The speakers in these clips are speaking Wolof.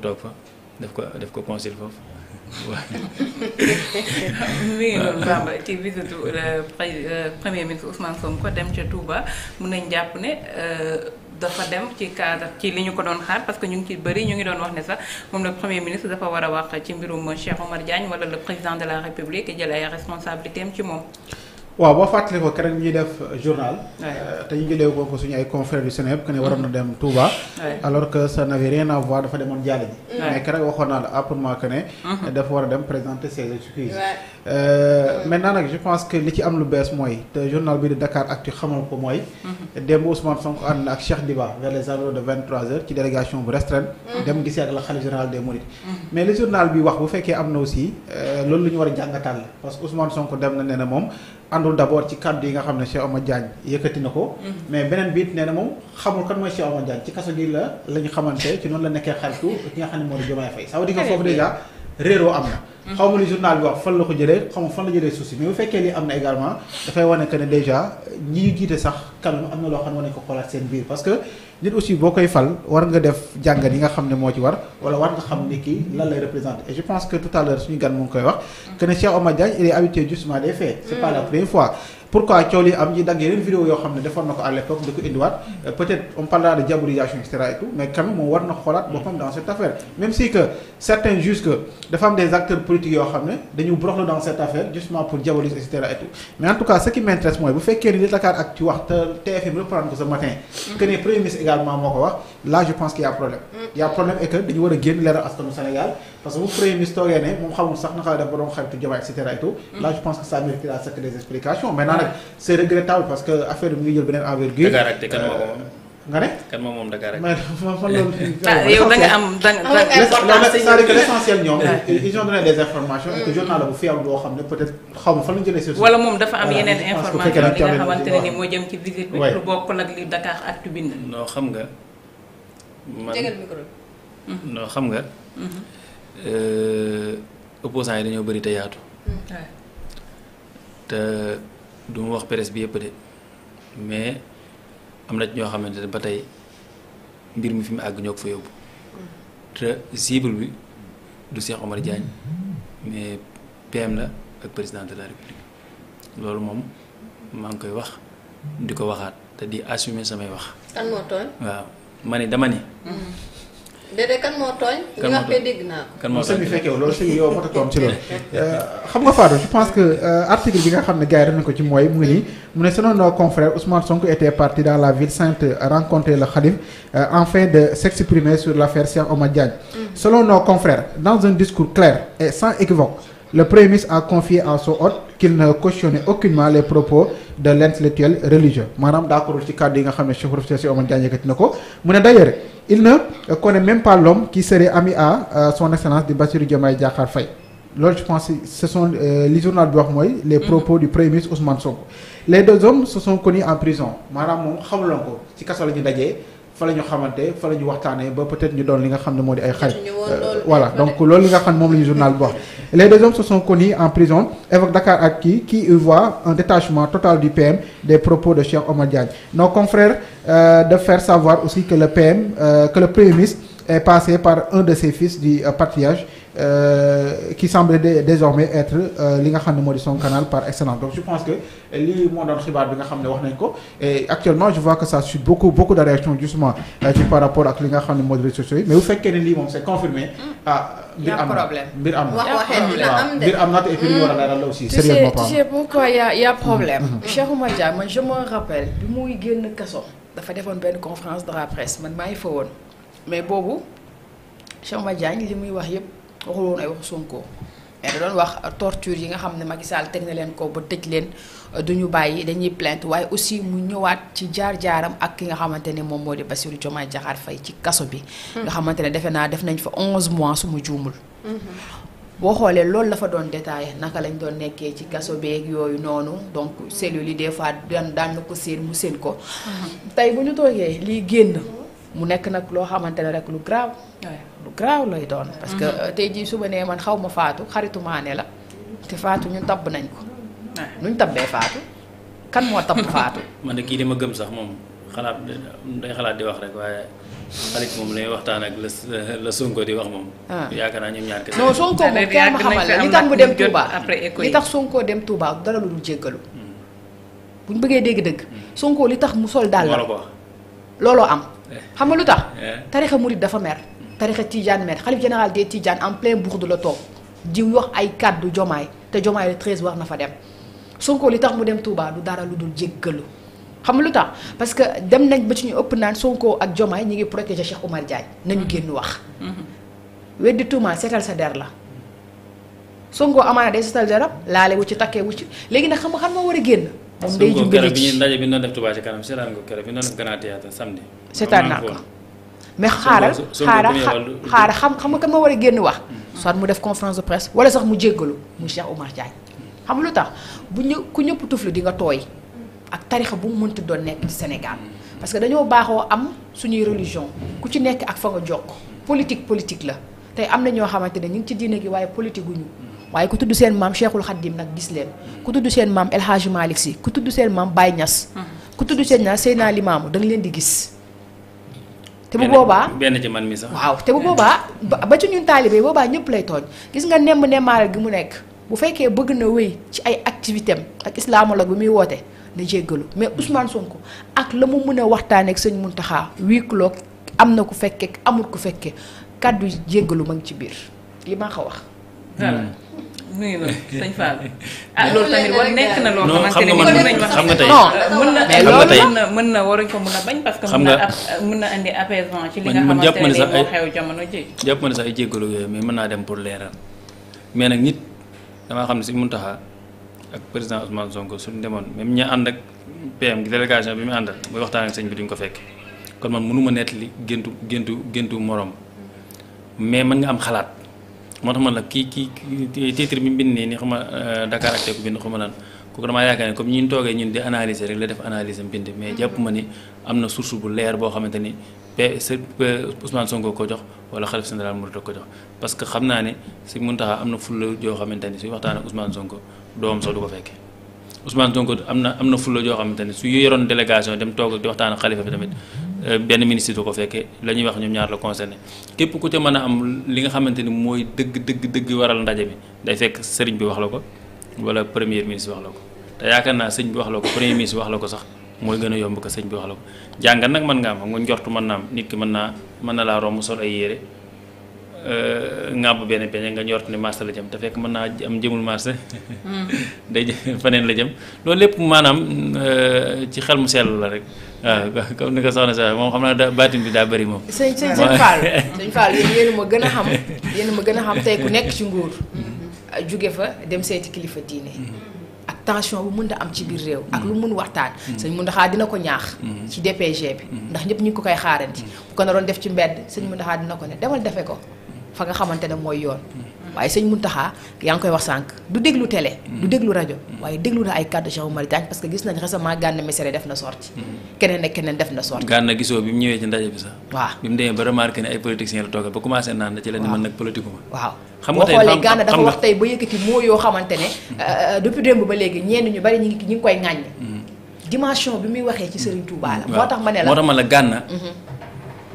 toog fa def ko def ko conseil foofu waaw. mi ngi doon Bamba ci visite euh, euh, premier ministre Ousmane Sonko dem ca Touba mun nañ jàpp ne. Euh, dafa dem ci cadre ci li ñu ko doon xaar parce que ñu ngi ci bëri ñu ngi doon wax ne sax moom la premier ministre dafa war a wax ci mbirum Cheikh Omar Diagne wala le président de la République jël ay responsabilités am ci moom. waaw boo fàttali ko keroog ñuy def euh, journal. Euh, te ñu jëlee ko suñu ay confrères du Sénégal que ne waroon a mm. dem Touba. alors que ça n'avait rien à voir dafa demoon jàll ji. mais keroog waxoon naa la àpplement que ne. Mm-hmm. dem présenter ses excuses. Euh, maintenant je pense que li ci am lu bees mooy te journal bi di Dakar Actu ko mooy. Mm-hmm. démb Ousmane Sonko ànd na ak Cheikh Diba vers les environs de 23h ci délégation bu restreinte. Mm-hmm. dem gisee ak la xalif général des Mourides. mais li journal bi wax bu fekkee am na aussi loolu lu ñu war a jàngatal la parce que Ousmane Sonko dem na ne na moom. àndul d' ci kàddu yi nga xam ne Cheikh Omar Diagne yëkkati na ko. Mhm. mais beneen bi it nee na moom xamul kan mooy si Omar Diagne ci kaso gi la la xamante ci noonu la nekkee xaritu ki nga xam ne moo di Diomaye Faye ça veut dire foofu dèjà réeroo am na. xaw ma li journal bi wax fan la ko jëlee xaw ma fan la jëlee suuf si mais bu fekkee li am na également dafay wane que ne déjà ñi ñu jiite sax kan même am na loo xam ne war ko xoolaat seen biir parce que nit aussi boo koy fal war nga def jàng yi nga xam ne moo ci war wala war nga xam ni kii lan lay représenté et je pense que tout à l'heure suñu gan mu ngi koy wax que ne Cheikh Omar Diagne il est justement des faits c'est pas la première fois pourquoi coow li am ñi dagg yeneen vidéo yoo xam ne defoon na ko à l'époque da ko indiwaat euh, peut on parlera de diabolisation et cetera et mais quand même war na xoolaat boppam dans cette affaire si que certains jugent que dafa am des acteurs politiques yoo xam ne dañu broxlu dans cette pour diaboliser et mais en mooy bu fekkee ni li Dakar ak ci wax te TFM reprendre ko ce matin mm-hmm. que ne premier également moo ko wax là je pense a problème mm. il y a problème que dañu parce que bu premier ministre ne moom xamul sax naka la def que ça mérite la sac euh, ah, mm. boo xam ne peut-être xaw ma fan la jëlee. wala dafa am euh, xam nga. man xam nga. Mm-hmm. Euh, opposants yi dañoo bari te yaatu. Hmm. te du wax presse bi yëpp de mais am na ci ñoo xamante ne ba tey mbir mi fi mu àgg ñoo ko fa yóbbu. Hmm. te cible bi du Cheikh Omar Diagne mais PM la ak président de la République loolu moom maa ngi koy wax di ko waxaat te di assumer samay wax. kan waaw ma ne dama ni. déedéet kan moo tooñ. kan moo tooñ dégg naa kan moo tooñ sëñ fekkee loolu yow moo tax toom ci loolu. Euh, xam nga Fatou je pense que euh, article bi nga xam ne gars yi nañ ko ci mooy mu ngi nii mu ne selon nos confrères Ousmane Sonko était parti dans la ville sainte rencontrer le Khalif euh, afin de s'exprimer sur l'affaire Cheikh Omar Diagne. Mm. selon nos confrères dans un discours clair et sans équivoque. Le Premier ministre a confié à son hôte qu'il ne cautionnait aucunement les propos de l'intellectuel religieux maanaam d'accordul ci kàddu yi nga xam ne chef professeur si Omar Diagne na ko mu ne d'ailleurs il ne connaît même pas l'homme qui serait ami à euh, son excellence di Bassirou Diomaye Diakhar Faye loolu je pense ce sont euh, li journal bi wax mooy les mhm. propos du premier ministre Ousmane Sonko les deux hommes se sont connus en prison maanaam moom xamuloon ko ci kaso la ñu fa la ñu xamante fa la ñu waxtaanee ba peut-être ñu doon li nga xam ne moo ay xarit euh, voilà donc loolu xam ne moom la ñu journal Les deux hommes se sont connus en prison, évoque Dakar Actu qui y voit un détachement total du PM des propos de Cheikh Omar Diagne. Nos confrères euh, de faire savoir aussi que le PM, euh, que le Premier ministre est passé par un de ses fils du euh, patriarche Euh, qui semble désormais être euh, li nga xam ne moo di son canal par excellence donc je pense que euh, lii moo doon xibaar bi nga xam ne wax nañ ko et actuellement je vois que ci par rapport ak li nga xam ne moo di réseaux sociaux yi mais bu fekkee ne lii moom c'est confirmé mm. ah, mbir am na mbir am na waaw mbir am na te et puis li war a mm. leeral la aussi sérieusement tu sais pourquoi y a a problème mm. Cheikh Oumar man je me rappelle bi muy génn kaso dafa defoon benn conférence de la presse man maa ngi woon mais boobu Cheikh Oumar muy wax yëpp waxul woon ay wax Sonko mais da wax torture yi nga xam ne Macky Sall teg na leen ko ba tëj leen du ñu bàyyi dañuy plainte waaye aussi mu ñëwaat ci jaar-jaaram ak ki nga xamante ne moom moo di Bassirou Diomaye Diakhar Faye ci kaso bi. Hmm. nga xamante ne defe naa def nañ fa 11 mois su ma juumul. Hmm. boo xoolee loolu la doon détaillé naka lañ doon nekkee ci kaso beeg yooyu noonu donc cellules li des fois daan daan na ko seen mu seen ko. Hmm. tey bu ñu toogee lii génn mu nekk nag loo xamante ne rek lu grave. lu garaaw lay doon. parce que mhm. tey jii suba nee man xaw ma faatu xaritumaane la te faatu ñu tabb nañ ko. nuñ tabbee faatu kan moo tabb faatu. man de kii li ma gëm sax moom xalaat day xalaat di wax rek waaye. xarit moom lay waxtaan ak la Sonko di wax moom. Ah. yaakaar naa ñu ñaar kese. non Sonko moom kenn xamal la li tax mu dem Touba dem Touba dara lu dul jéggalu. Hmm. bu ñu bëggee dégg dëgg. Hmm. Sonko li tax mu sol daal la looloo am. Eh. xam lu tax eh. tarixa murid dafa mer. tarixa Tijane maître xalif général des Tijane en plein du la toog di wax ay kàddu jomaay te jomaay le 13 war na fa dem Sonko li tax mu dem tuubaa du dara lu dul jéggalu xam nga lu tax parce que dem nañ ba ci ñu ëpp naan Sonko ak jomaay ñi ngi protéger Cheikh Oumar Diagne nañu génn wax. Mhm. weddi tuuma seetal sa der la. Sonko amaana xam nga war a génn. moom day jublu ci Sonko keroog bi ñuy ndaje bi ñu kanam seetaan nga ko bi ñu doon def Grand samedi. seetaan naa ko mais xaaral xaaral xaaral xam xam nga kan ma war a génn wax. Hmm. soit mu def conférence de presse wala sax mu jéggalu mu Cheikh Oumar Diagne. xam nga lu tax bu ñu ku ñëpp tufli di nga tooy ak tarixa bu mu mënti doon nekk ci Sénégal parce que dañoo baaxoo am suñuy religion ku ci nekk ak fa nga jokk politique politique la tey am na ñoo xamante ne ñu ngi ci diine gi waaye politique gu ñu waaye ku tudd seen maam Cheikhul Khadim nag gis leen ku tudd seen maam El Hadj Malick Sy ku tudd seen maam Baye Niass. Hmm. ku tudd seen ñaar leen di gis. te bu boobaa benn ci man mi sax waaw te bu boobaa ba ci ñun taalibe yi boobaa ñëpp lay tooñ gis nga nemb nemmaaral gi mu nekk bu fekkee bëgg na wéy ci ay activité am ak islamologue bi muy woote na jéggalu mais Ousmane Sonko ak la mu mun a waxtaanee ak sëñ Mountakha wii kuloo am na ku fekkee amul ku fekkee kàddu jéggalu ma ngi ci biir li maa ko wax. Hmm. nuyu na sëñ Fall. ah loolu tamit war nekk na loo xam nga tey mën na mën na mën na waruñ ko mën a bañ parce que mën na mën na andi apaisement ci li nga xamante jamono jàpp ma ne ay jéggalu yooyu mën naa dem pour leeral mais nag nit damaa xam ne si mun Mountakha ak président Ousmane Sonko suñu demoon même ña ànd ak PM gi délégation bi mu àndal muy waxtaan ak sëñ bi duñ ko fekk kon man mënuma nettali géntu géntu géntu morom mais mën nga am xalaat moo tax man la kii kii titre bi mu bind nii xam nga euh, Dakar ak ko bind xam nga lan kooku damaa yaakaar ne comme ñun toogee ñun di analyser rek la def analyse am mais hmm. jàpp ma ni am na source bu leer boo xamante ni pe sa Ousmane Sonko ko jox wala xalif général Mouride ko jox. parce que xam naa ne si Mountakha am na fulla joo xamante ni suy waxtaan ak Ousmane Sonko doomam sax du ko fekkee Ousmane Sonko am na am na fulla joo xamante ni su yoroon délégation dem toog di waxtaan ak xalifa bi tamit. Euh, benn ministre du ko fekkee la ñuy wax ñoom ñaar la concerné képp ku ca mën a am li nga xamante ni mooy dëgg dëgg dëgg waral ndaje mi day fekk sëriñ bi wax la ko wala premier ministre wax la ko te yaakaar naa sëñ bi wax la ko premier ministre wax la ko sax mooy gën a yomb ko sëñ bi wax la ko jàngat nag mën ngaa am xam nga njortu man naa am nit ki mën naa mën na laa romb sol ay yére euh, ŋàbb benn peñe nga njort ni marché la jëm te fekk mën naa am jëmul marché hmm. day faneen la jëm loolu lépp maanaam euh, ci xel mu sell la rek waaw comme ni ko soxna si moom xam naa baatin bi daa bëri moom. sëñ sëñ sëñ Fall sëñ Fall ma gën a xam yéen ma gën a xam tey ku nekk ci nguur. Mm-hmm. jóge fa dem seeti kilifa diine. Mm-hmm. ak tension bu mën da am ci biir réew. ak lu mm-hmm. mun waxtaan. sëñ Mountakha dina ko ñaax. ci DPG bi. ndax ñëpp ñu ngi ko koy xaaranti. bu ko naroon def ci mbedd sëñ Mountakha dina ko ne demal defe ko fa nga xamante ne mooy yoon. waaye sëñ Mountakha yaa ngi koy wax sànq du déglu télé. du mm. déglu rajo waaye déglu na ay kàddu Cheikh Oumar Diagne parce que gis nañ récemment Gana Messere def na sortie mm. keneen na sortie Gana gisoo bi mu ñëwee ci ndaje bi sax waaw bi mu demee ba remarqué ne ay politiciens la toogal ba commencé naan da ci la ne nag politique waaw xam nga tey boo dafa wax tey ba yëkkati moo xamante ne mm. euh, euh, depuis démb ba léegi ñenn ñu bari ñu ngi koy ŋàññ dimension bi muy waxee ci Serigne Touba moo tax ma ne la moo tax ma la Gana mm-hmm.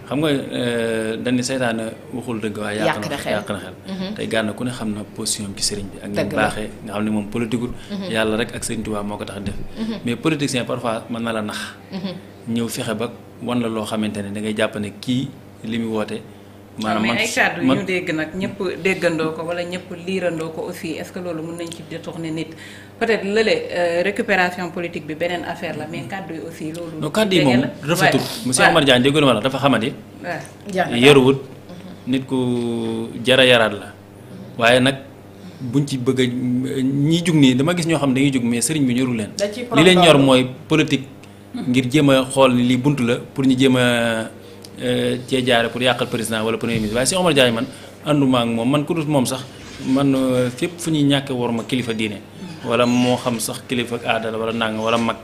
xam nga euh, dañ ne seytaane waxul dëgg waaye yàq na xel yàq na xel mhm. tey gànn ku ne xam na position ci sëriñ bi ak ni mu baaxee nga xam ne moom politiqueul mhm. yàlla rek ak sëriñ Tuubaa moo ko tax def mhm. mais politicien parfois mën na la nax ñëw fexe ba wan la loo xamante ne da ngay jàpp ne kii li mu woote maanaam man ay kàddu ñu dégg nag ñëpp déggandoo ko wala ñëpp liirandoo ko aussi est-ce que loolu mën nañ ci détourner nit peut-être lële euh, récupération politique bi beneen affaire la mais hmm. kàddu yi aussi loolu. non kàddu yi moom rafetul monsieur Omar Diagne déggu ma la dafa xamadi. waaw yaruwut mhm. nit ku jara yaraat la mhm. waaye nag buñ ci bëgg a ñi jug nii dama gis ñoo xam ne dañuy jug mais sëriñ bi ñorul leen. li leen ñor mooy politique. Mhm. ngir jéem a xool ni lii bunt la pour ñu jéem a. cee jaare pour yàqal président wala premier ministre waaye si Omar Diagne man ànduma moom man ku moom sax man euh, fépp fu ñuy ñàkk war kilifa diine wala moo xam sax kilifa aada la wala nàng wala mag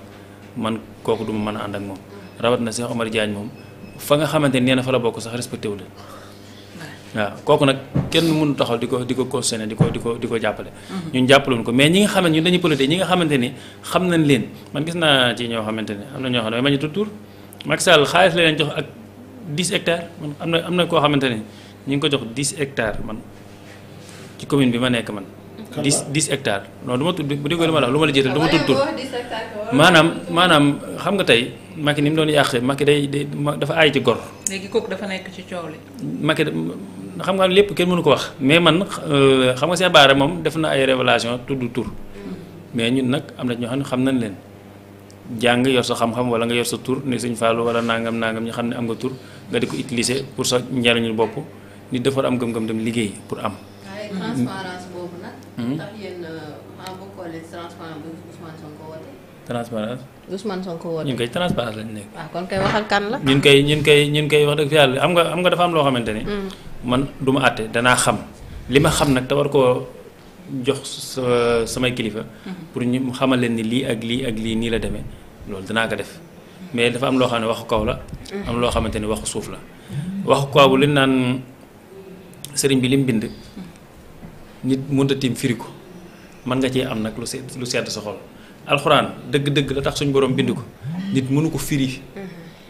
man kooku du ma mën a ànd ak moom rawat na Cheikh Omar Diagne moom fa nga xamante ni nee na fa la bokk sax respecté wu la waaw kooku nag kenn mënu taxaw di ko di ko concerné di ko di ko di ko jàppale mm-hmm. ñun jàppaloon ko mais ñi nga xamante ñun dañuy politique ñi nga xamante ni xam nañ leen man gis naa ci ñoo xamante ne am na ñoo xam ma 10 hectares man am na am na koo xamante ne ñu ngi ko jox 10 hectares man ci commune bi ma nekk man. 10 10 hectares non du ma tudd bu déggoo li ma la wax lu ma la jiital du ma tudd maanaam maanaam xam nga tey Macky ni doon yàqee Macky day day dafa aay ci gor. léegi kooku dafa nekk ci coow li. xam nga lépp kenn mënu ko wax mais man euh, xam nga seen baara moom def na ay révélation tudd tur mais ñun nag am na ñoo xam ne xam nañ leen. jàng yor sa xam-xam wala nga yor sa tur ne sëñ Fallou wala nangam nangam ñu xam ne am nga tur nga di ko utiliser pour sa njariñu bopp nit dafa am gëm-gëm dem liggéey pour am. transparence boobu hmm? euh, ko transparence bu Ousmane Sonko kan la. ñun kay ñun kay ñun kay wax dëgg fi yàlla am nga am nga dafa am loo xamante ne. Hmm. man du ma àtte danaa xam li ma xam nag te war koo jox sa samay kilifa. Hmm. pour ñu xamal leen ni lii ak lii ak lii nii la deme loolu danaa ko def mais dafa am loo xam ne waxu kaw la. am loo xamante ni waxu suuf la. waxu kaw bu li naan sëriñ bi lim bind. nit mënut a firi ko mën nga cee am nag lu sedd lu sedd sa xol alxuraan dëgg-dëgg la tax suñu borom bind ko nit mënu ko firi.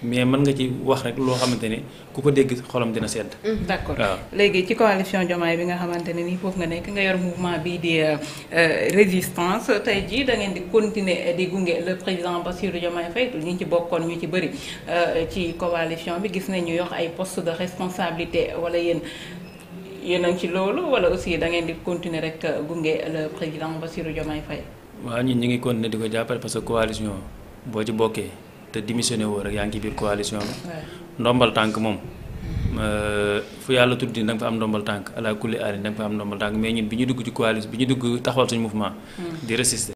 mais mën nga ci wax rek loo xamante ne ku ko dégg xolam dina sedd. Mm-hmm. Mm-hmm. d'accord léegi ci coalition Diomaye bi nga xamante ne nii foofu nga nekk nga yor mouvement bii di euh, euh, résistance tey jii da ngeen di continuer di gunge le président Bassirou Diomaye Faye ñu ci bokkoon ñu ci bëri euh, ci coalition bi gis nañu yox ay poste de responsabilité wala yéen yéen a ngi ci loolu wala aussi da ngeen di continuer rek gunge le président Bassirou Diomaye Faye. waaw ñun ñu ngi continuer di ko jàppale parce que coalition boo ci bokkee. te démissionné woo rek yaa ngi ci biir coalition bi. ndombal tànk moom. Euh, fu yàlla tuddi da nga fa am ndombal tànk ala kulli aali da fa am ndombal tànk mais ñun bi ñu dugg ci coalition bi ñu dugg taxawal suñu mouvement. Mm. di résister.